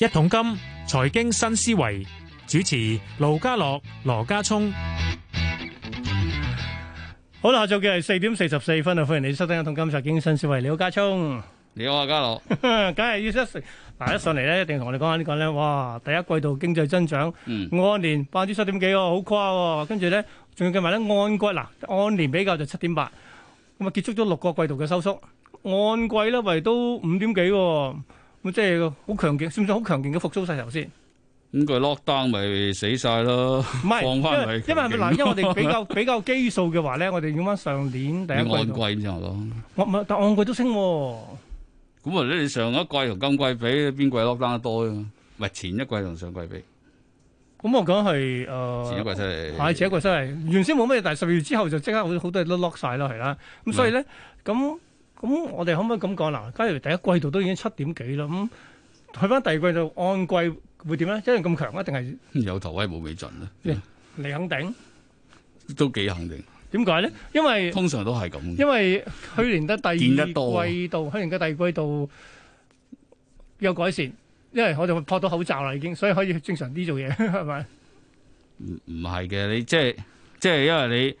一桶金財經新思維，主持盧家樂、羅家聰，好啦，下晝嘅係四點四十四分啊！歡迎你收聽一桶金財經新思維，你好，家聰，你好啊，家樂，梗係要一上嗱一上嚟咧，一定同我哋講下呢個咧，哇！第一季度經濟增長，嗯，按年百分之七點幾喎，好誇喎，跟住咧，仲要計埋咧按季嗱，按年比較就七點八，咁啊結束咗六個季度嘅收縮，按季咧為都五點幾喎。即係好強勁，算唔算好強勁嘅復甦勢頭先？咁佢 lock down 咪死晒咯，放翻嚟。因為嗱，因為我哋比較比較基數嘅話咧，我哋用翻上年第一季。按季先我講，我唔但按季都升。咁啊，你上一季同今季比，邊季 lock down 得多啊？咪前一季同上季比。咁我講係誒，前一季犀利，係前一季犀利，原先冇咩，但係十二月之後就即刻好好多都 lock 晒啦，係啦。咁所以咧，咁。咁我哋可唔可以咁講啦？假如第一季度都已經七點幾啦，咁去返第二季度按季會點咧？一樣咁強啊，定係有頭威冇尾盡咧？你肯定？都幾肯定？點解咧？因為通常都係咁。因為去年嘅第二季度，去年嘅第二季度有改善，因為我哋會破到口罩啦，已經所以可以正常啲做嘢，係咪？唔唔係嘅，你即係即係因為你。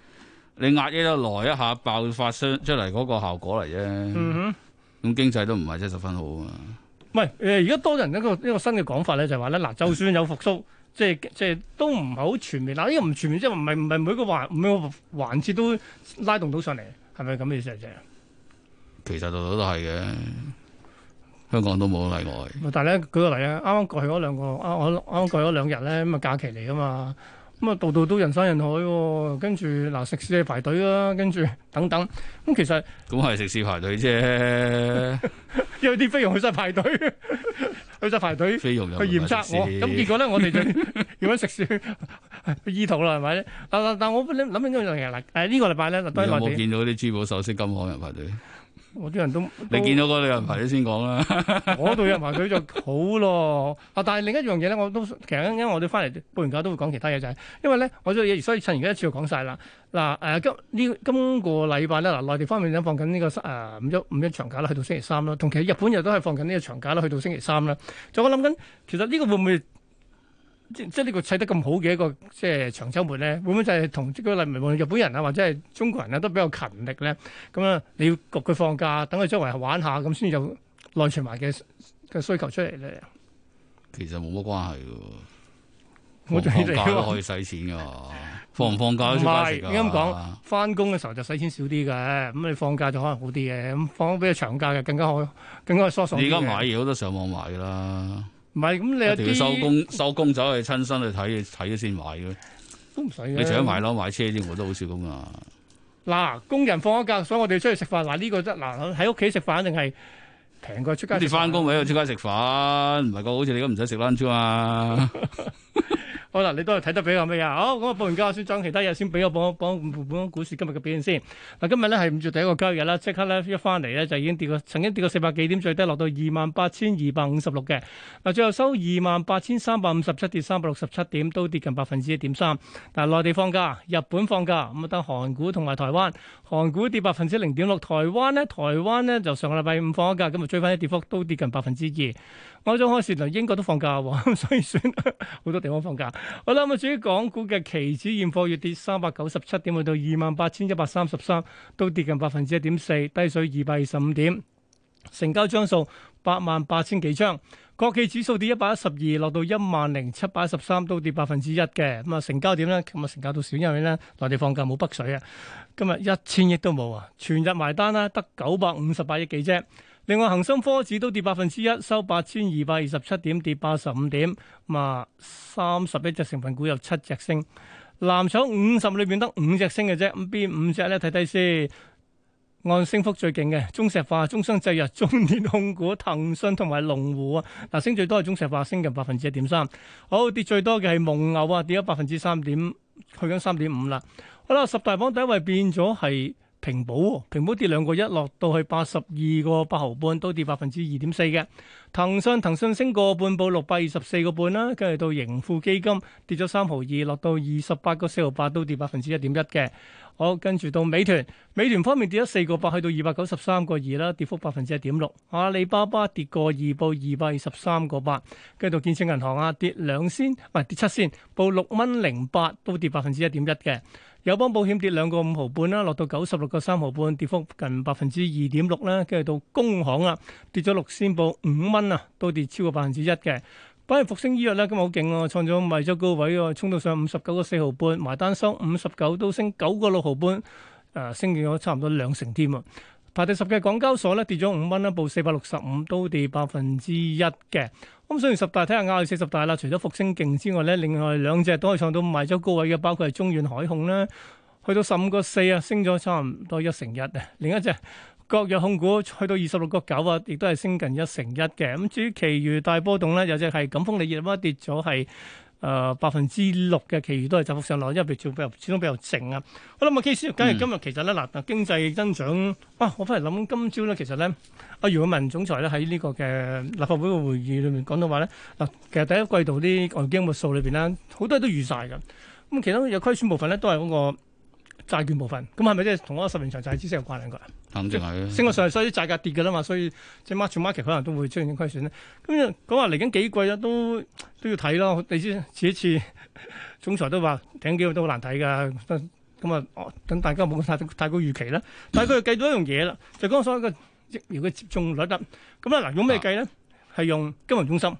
你壓抑得耐一下，爆發出嚟嗰個效果嚟啫。嗯哼，咁經濟都唔係真係十分好啊。唔係，誒，而家多人一個一個新嘅講法咧，就係話咧，嗱，就算有復甦，嗯，即係即係都唔係好全面。嗱，呢個唔全面即係唔係唔係每個環每個環節都拉動到上嚟，係咪咁嘅意思啫？其實度度都係嘅，香港都冇例外。但係咧，舉個例啊，啱啱過去嗰兩個，啱我啱過去嗰兩日咧，咁啊假期嚟噶嘛。咁啊，度度都人山人海，跟住嗱食肆去排隊啦，跟住等等，咁其實咁係食肆排隊啫，因為啲飛鷹去晒排隊，去晒排， 排隊，去嚴查我，咁結果咧我哋就如果食肆醫肚啦係咪？但但但我不你諗緊啲咩嘢啦？誒呢個禮拜咧就都係排隊。你有冇見到啲珠寶、首飾、金行人排隊？我啲人都你見到嗰度有人排隊先講啦，我度有人排隊就好咯。 啊，但係另一樣嘢咧，我都其實因因為我哋翻嚟半完假都會講其他嘢就係、是，因為咧我啲嘢所以趁而家一次就講晒啦。嗱、啊啊、今呢今個禮拜咧，嗱、啊、內地方面咧放緊呢、這個誒、啊、五一五一長假啦，去到星期三啦，同其實日本又都係放緊呢個長假啦，去到星期三啦。就我諗緊，其實呢個會唔會？即即呢個砌得咁好嘅一個即係長週末咧，會唔會就係同即個例如日本人啊，或者係中國人啊，都比較勤力咧？咁啊，你要焗佢放假，等佢周圍玩下，咁先有內存埋嘅嘅需求出嚟咧。其實冇乜關係嘅，放假可以使錢嘅，放唔放假都少啲時間。咁講翻工嘅時候就使錢少啲嘅，咁你放假就可能好啲嘅，咁放比較長假嘅更加好，更加舒爽。而家買嘢好多，上網買㗎啦。唔係，咁你一定要收工，收工走去親身去睇睇咗先買嘅，都唔使嘅。你除咗買樓買車之外，我都好少咁啊。嗱，工人放咗假，所以我哋出去食飯。嗱呢、這個得嗱，喺屋企食飯，肯定係平過出街。你哋翻工咪度出街食飯，唔係個好似你而家唔使食 lunch 啊？ 好、oh, 啦、oh, so，你都係睇得比較咩啊？好，咁啊報完價先，講其他嘢先，俾我報報盤股市今日嘅表現先。嗱，今日咧係五月第一個交易日啦，即刻咧一翻嚟咧就已經跌過，曾經跌過四百幾點，最低落到二萬八千二百五十六嘅。嗱，最後收二萬八千三百五十七，跌三百六十七點，都跌近百分之一點三。但係內地放假，日本放假，咁啊得韓股同埋台灣，韓股跌百分之零點六，台灣咧，台灣咧就上個禮拜五放咗假，今日追翻啲跌幅，都跌近百分之二。我想開船，英國都放假喎，所以算好多地方放假。好啦，咁啊，至於港股嘅期指現貨，月跌三百九十七點，去到二萬八千一百三十三，都跌近百分之一點四，低水二百二十五點。成交張數八萬八千幾張。國企指數跌一百一十二，落到一萬零七百一十三，都跌百分之一嘅。咁啊，成交點咧？今日成交都少，因為咧內地放假冇北水啊。今日一千億都冇啊，全日埋單啦，得九百五十八億幾啫。另外，恒生科指都跌百分之一，收八千二百二十七點，跌八十五點。啊，三十一隻成分股有七隻升，藍籌五十裏邊得五隻升嘅啫。咁邊五隻咧？睇睇先。按升幅最勁嘅，中石化、中生製藥、中電控股、騰訊同埋龍湖啊。嗱，升最多係中石化，升近百分之一點三。好，跌最多嘅係蒙牛啊，跌咗百分之三點，去緊三點五啦。好啦，十大榜第一位變咗係。平保、哦，平保跌兩個一，落到去八十二個八毫半，都跌百分之二點四嘅。騰訊，騰訊升個半，報六百二十四個半啦。跟住到盈富基金跌咗三毫二，落到二十八個四毫八，都跌百分之一點一嘅。好，跟住到美團，美團方面跌咗四個八，去到二百九十三個二啦，跌幅百分之一點六。阿里巴巴跌個二，報二百二十三個八。跟住到建設銀行啊，跌兩先，唔、哎、係跌七先，報六蚊零八，都跌百分之一點一嘅。友邦保險跌兩個五毫半啦，落到九十六個三毫半，跌幅近百分之二點六啦。跟住到工行啊，跌咗六仙報五蚊啊，都跌超過百分之一嘅。反而復星醫藥咧，今日好勁啊，創咗賣咗高位啊，衝到上五十九個四毫半，埋單收五十九，都升九個六毫半，誒，升咗差唔多兩成添啊！排第十嘅港交所咧跌咗五蚊一報四百六十五，都跌百分之一嘅。咁雖然十大睇下亞四十大啦，除咗復星勁之外咧，另外兩隻都可以創到賣咗高位嘅，包括係中遠海控啦。去到十五個四啊，升咗差唔多一成一啊。另一隻國藥控股去到二十六個九啊，亦都係升近一成一嘅。咁至於其餘大波動咧，有隻係錦風利業啦，跌咗係。誒、呃、百分之六嘅，其餘都係走幅上落，因為比較始終比較，終比較靜啊。我諗阿 K 師，梗係今日其實咧嗱嗱經濟增長哇、啊，我翻嚟諗今朝咧其實咧阿余偉文總裁咧喺呢在這個嘅立法會嘅會議裏面講到話咧嗱，其實第一季度啲外經嘅數裏面咧好多都預晒㗎，咁其中有虧損部分咧都係嗰個債券部分，咁係咪即係同嗰個十年長債孳息有關㗎？升咗、就是、上，所以啲債價跌嘅啦嘛，所以即係 mutual market 可能都會出現虧損咧。咁又講話嚟緊幾季咧，都都要睇咯。你知前次，一次總裁都話頂幾個都好難睇噶。咁啊，等大家冇太太高預期啦。但係佢又計到一樣嘢啦， 就講所謂嘅疫苗嘅接種率啦。咁咧嗱，用咩計咧？係、啊、用金融中心，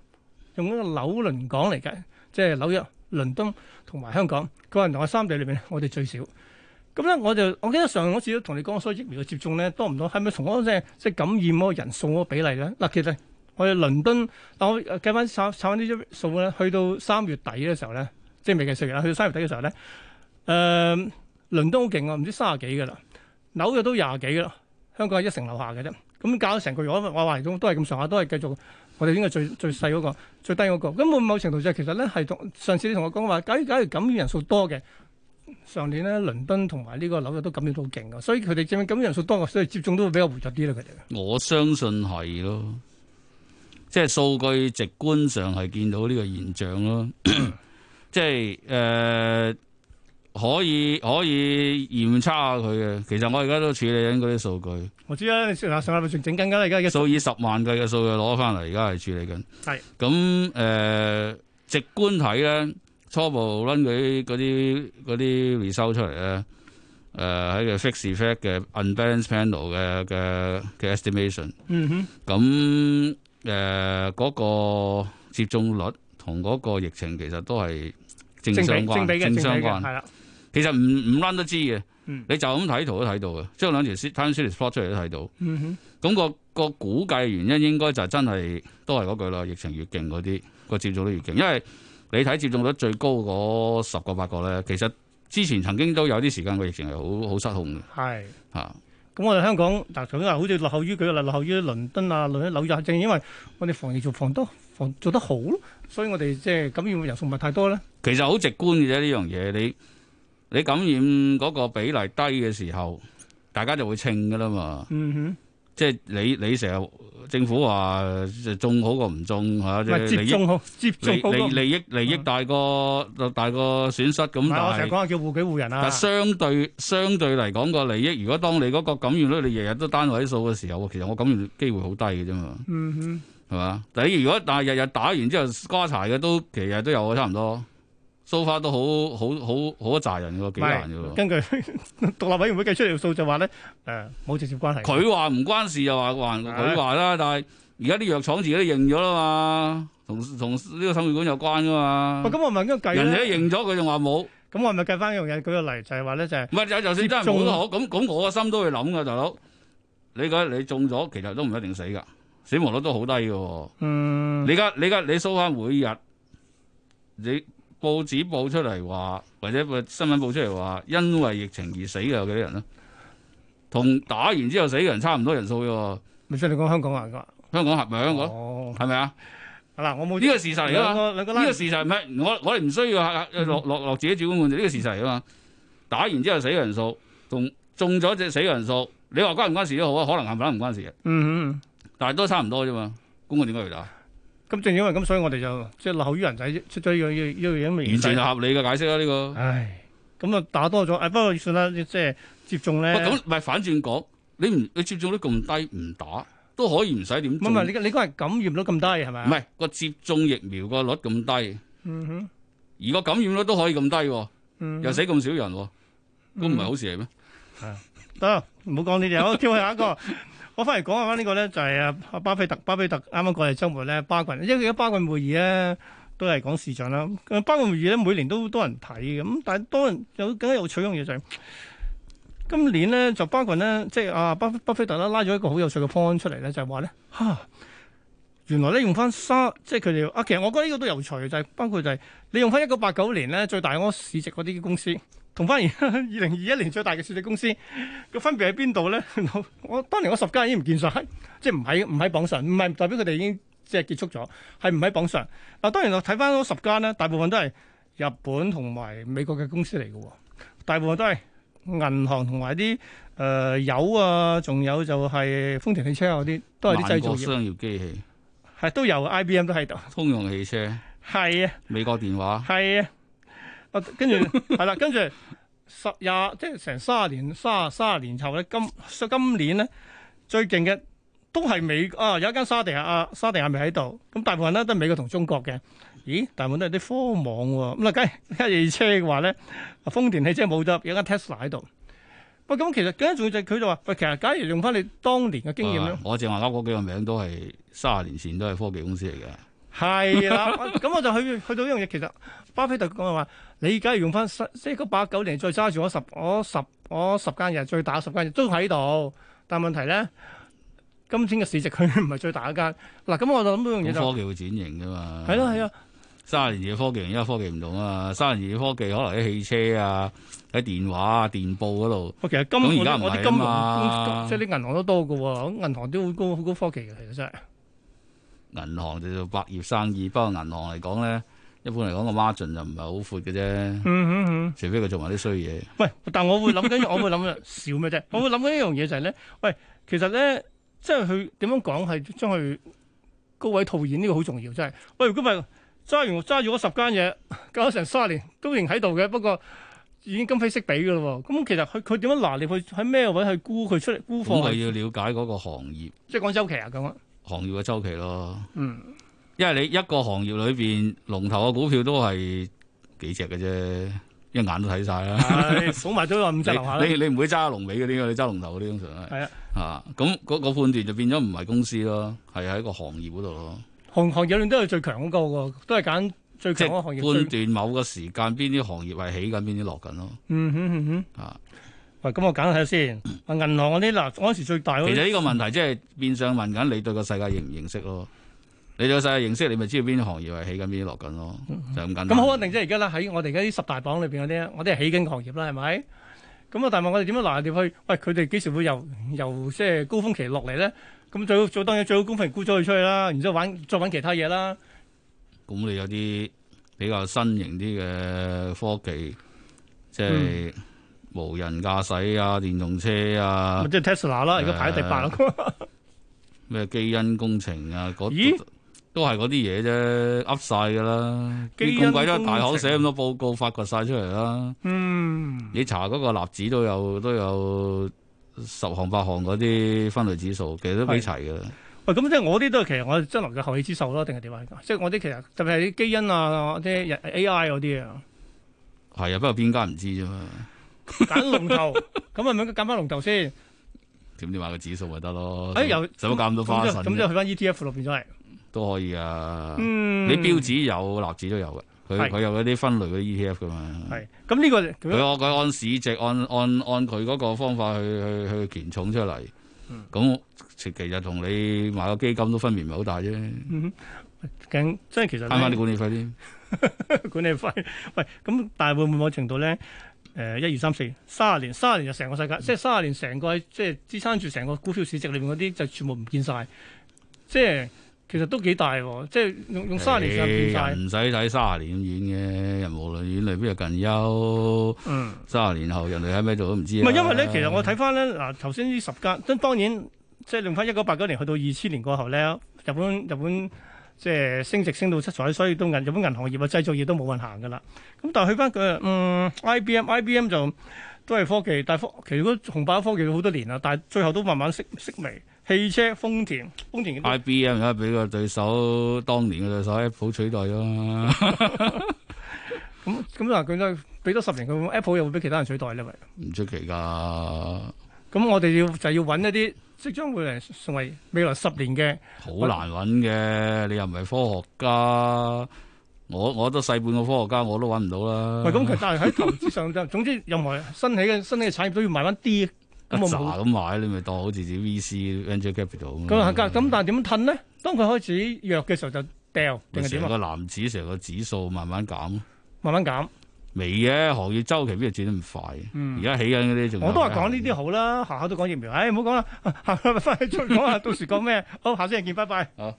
用嗰個紐倫港嚟計，即係紐約、倫敦同埋香港個銀行嘅三地裏邊，我哋最少。咁咧，我就我記得上次都同你講，所以疫苗嘅接種咧多唔多，係咪同嗰即係即係感染嗰個人數嗰比例咧？嗱，其實我哋倫敦，但我計翻抄抄翻啲數咧，去到三月底嘅時候咧，即係未計四月啦，去到三月底嘅時候咧，誒、呃、倫敦好勁啊，唔知卅幾嘅啦，紐約都廿幾啦，香港係一成樓下嘅啫，咁搞到成個月，我話嚟講都係咁上下，都係繼續我哋應該最最細嗰個最低嗰個。咁冇某程度就係、其實咧係同上次你同我講話，假如假如感染人數多嘅。上年咧，倫敦同埋呢個紐約都感染到好勁嘅，所以佢哋即係感染人數多，所以接種都會比較活躍啲咧。佢哋我相信係咯，即係數據直觀上係見到呢個現象咯。 即係誒、呃、可以可以驗測下佢嘅。其實我而家都處理緊嗰啲數據。我知啊，你上下上下咪整緊㗎啦，而家數以十萬計嘅數據攞翻嚟，而家係處理緊。係咁誒，直觀睇咧。初步 run 佢嗰啲嗰啲 result 出嚟咧，喺、呃個 fixed effect 嘅 unbalanced panel 嘅嘅嘅 estimation，嗯哼，咁誒嗰個接種率同嗰個疫情其實都係正相關，正，正，正相關係啦。其實唔唔 run 都知嘅、嗯，你就咁睇圖都睇到嘅，即係兩條 time series plot 出嚟都睇到。咁、個、個估計原因應該就真係都係嗰句啦，疫情越勁嗰啲個接種都越勁，因為。你睇接種率最高嗰十個八個咧，其實之前曾經都有啲時間個疫情係好好失控嘅。係啊，咁我哋香港就總言之，好似落後於佢啦，落後於倫敦啊、紐紐約，正因為我哋防疫做防多防做得好，所以我哋即係感染嘅人數唔係太多咧。其實好直觀嘅啫，呢樣嘢你你感染嗰個比例低嘅時候，大家就會稱㗎喇嘛。嗯哼。即係你你成日政府話種好過唔種，吓，即係種好，接種好利利利益利益大過、嗯、大過損失咁。我成日講叫護己護人啊。但相對相對嚟講個利益，如果當你嗰個感染率你日日都單位數嘅時候，其實我感染機會好低嘅啫嘛。嗯哼，係嘛？但如果但係日日打完之後瓜柴嘅，都其實都有差唔多。數、so、翻都好好好好一紮人喎，幾難㗎喎。根據呵呵獨立委員會計出嚟嘅數就話咧，冇、呃、直接關係。佢話唔關事又話佢話啦，但係而家啲藥廠自己都認咗啦嘛，同同呢個心血管有關噶嘛。咁、啊、我問緊計咧，人哋都認咗，佢仲話冇，咁、啊、我咪計翻一樣嘢舉個例就係話咧就係唔係就算真係冇都好，咁咁我個心都會諗㗎，大佬，你覺你中咗其實都唔一定死㗎，死亡率都好低㗎喎。嗯，你而家你而家你數翻每日你。報紙報出嚟話，或者個新聞報出嚟話，因為疫情而死嘅有幾多人咧？同打完之後死嘅人差唔多人數喎。咪即你講香港啊？香港係咪香港？哦，係咪啊？嗱，我冇呢、這個事實嚟噶嘛？呢個、這個、事實咩？我我哋唔需要落落落自己主觀判定呢個事實嚟啊嘛！打完之後死嘅人數，同中咗只死嘅人數，你話關唔關事都好啊？可能係咪？唔關事嘅。嗯嗯但係都差唔多啫嘛。公共點解要打？咁正，正因為咁，所以我哋就即係、就是、留後於人仔，出咗要要要咁嘅完全合理嘅解釋啦、啊，呢、這個。唉，咁啊打多咗，唉不過算啦，即係接種咧。咁唔係反轉講，你唔你接種率咁低，唔打都可以唔使點。咁啊，你你嗰個感染率咁低係咪？唔係個接種疫苗個率咁低，嗯、哼，而個感染率都可以咁低，嗯，又死咁少人，嗯、都唔係好事嚟咩？係、啊、得，唔好講你哋，好 挑一下一個。 我翻嚟講下呢個咧，就係啊巴菲特，巴菲特啱啱過嚟週末咧，巴郡，因為而家巴郡會議咧都係講市場啦。巴郡會議咧每年都好多人睇嘅，咁但係多人有更加有趣嘅嘢就係、是、今年咧，就巴郡咧，即係啊巴菲巴菲特啦，拉咗一個好有趣嘅方案出嚟咧，就係話咧嚇原來咧用翻沙，即係佢哋啊，其實我覺得呢個都有趣嘅，就係、是、包括就係、是、你用翻一九八九年咧最大嗰個市值嗰啲公司。同翻二零二一年最大嘅市值公司嘅分別喺邊度咧？ 我當年我十間已經唔見晒，即係唔喺唔喺榜上，唔係代表佢哋已經即係結束咗，係唔喺榜上。嗱，當然我睇翻嗰十間咧，大部分都係日本同埋美國嘅公司嚟嘅，大部分都係銀行同埋啲誒油啊，仲有就係豐田汽車嗰啲，都係啲製造業。萬國商業機器係都有，IBM 都喺度。通用汽車係啊。美國電話係啊。 跟住係啦，跟住十廿即係成三十年，三十年後咧，今今年咧最勁嘅都係美啊，有一間沙地亞啊，沙地亞咪喺度。咁大部分咧都係美國同中國嘅。咦，大部分都係啲科網喎。咁啊，梗係汽車嘅話咧，豐田汽車冇得，有間 Tesla 喺度。喂，咁其實跟住就佢就話，喂，其實假如用翻你當年嘅經驗咧、啊，我正話嗰幾個名都係三十年前都係科技公司嚟嘅。係 啦，咁我就去去到呢樣嘢。其實巴菲特講嘅話，你假如用翻即係八九年，再揸住我十我十我十間嘢，最大十間嘢都喺度。但係問題咧，今天嘅市值佢唔係最大嗰間。嗱，咁我就諗到樣嘢就科技會轉型噶嘛。係咯係咯，卅年前嘅科技而家科技唔同啊嘛。卅年前嘅科技可能喺汽車啊、喺電話啊、電報嗰度。其實今年我哋係啊即係啲銀行都多噶。咁銀行都好高好高科技嘅，其實真係。銀行就做百業生意，不過銀行嚟講咧，一般嚟講個 margin 就唔係好闊嘅啫。除非佢做埋啲衰嘢。喂，但我會諗緊， 我會諗少咩啫？我會諗緊一樣嘢就係、是、咧，喂，其實咧，即係佢點樣講係將佢高位套現呢、這個好重要，真係。喂，如果咪揸完揸住嗰十間嘢，搞成三十年都仍喺度嘅，不過已經今非昔比噶啦。咁其實佢佢點樣拿捏佢喺咩位去沽佢出嚟沽貨？咁我要了解嗰個行業，即係講周期啊咁行業嘅周期咯，嗯，因為你一個行業裏邊龍頭嘅股票都係幾隻嘅啫，一眼都睇晒啦，數埋都係五隻。你你唔會揸龍尾嗰啲噶，你揸龍頭嗰啲通常係。係啊，吓咁個判斷就變咗唔係公司咯，係喺個行業嗰度咯。行行業裏都係最強嗰個，都係揀最強嗰個行業。判斷某個時間邊啲行業係起緊，邊啲落緊咯。嗯哼嗯哼，啊喂、嗯，咁我揀睇下先。銀行嗰啲嗱，嗰時最大咯。其實呢個問題即係變相問緊你對個世界認唔認識咯。你對世界認識，你咪知道邊啲行業係起緊，邊啲落緊咯，就咁簡單。咁好肯定啫，而家啦喺我哋而家啲十大榜裏邊嗰啲，我啲係起緊嘅行業啦，係咪？咁啊，但係我哋點樣嚟？點去？喂，佢哋幾時會由由即係高峰期落嚟咧？咁最，最，最好最當然最好功夫係沽咗佢出去啦，然之後揾，再揾其他嘢啦。咁你有啲比較新型啲嘅科技，即係。無人駕駛啊，電動車啊，即係 Tesla 啦，而家排喺第八咯。咩基因工程啊，嗰、嗰個、都係嗰啲嘢啫，噏晒噶啦。咁鬼都大可寫咁多報告，發掘晒出嚟啦。嗯，你查嗰個粒子都有都有十項八項嗰啲分類指數，其實都俾齊噶啦。喂，咁即係我啲都係其實我將來嘅後起之秀咯，定係點啊？即係我啲其實特別係啲基因啊，即係 A I 嗰啲啊，係啊，不過邊間唔知啫嘛。揀龍頭，咁啊，咪揀翻龍頭先。點知買個指數咪得咯？哎、欸，又使乜揀咁多花神？咁就去翻 E T F 入邊就係都可以啊。嗯、你啲標指有，立指都有嘅。佢佢有嗰啲分類嘅 E T F 噶嘛。係。咁呢、這個佢我佢按市值，按按按佢嗰個方法去去去權重出嚟。咁、嗯、其實同你買個基金都分別唔係好大啫。即、嗯、係、嗯、其實慳翻啲管理費先。 管理費喂，咁但係會唔會某程度咧？誒、呃，一二三四，卅年卅年就成個世界，嗯、即係卅年成個即係支撐住成個股票市值裏邊嗰啲就全部唔見晒，即係其實都幾大、啊，即係用用卅年時間變晒。唔使睇卅年咁遠嘅，人無遠慮，必有近憂。嗯，卅年後人哋喺咩度都唔知、啊。唔係因為咧，其實我睇翻咧，嗱頭先呢十間，當然即係令翻一九八九年去到二千年過後咧，日本日本。即係升值升到七彩，所以都銀日本銀行業啊、製造業都冇運行㗎啦。咁但係去翻佢嗯，IBM，IBM IBM 就都係科技，大科其實嗰紅包科技好多年啦，但係最後都慢慢式式微。汽車，豐田，豐田。IBM 而家俾個對手，當年嘅對手 Apple 取代啦。咁咁話佢都俾多十年，佢 Apple 又會俾其他人取代咧？喂，唔出奇㗎。咁我哋要就要揾一啲。即將會成為未來十年嘅好難揾嘅，你又唔係科學家，我我都細半個科學家，我都揾唔到啦。係咁，但係喺投資上就，總之任何新起嘅新起嘅產業都要慢慢跌，一咁買，你咪當好似啲 V C venture capital 咁啊。咁但係點褪呢？當佢開始弱嘅時候就掉，定係點啊？成個籃子，成個指數慢慢減，慢慢減。未嘅、啊、行業週期邊度轉得咁快？而家起緊嗰啲仲我都話講呢啲好啦，學校都講疫苗，唉唔好講啦，翻去再講啦， 到時講咩？好，下星期見，拜拜。好、啊。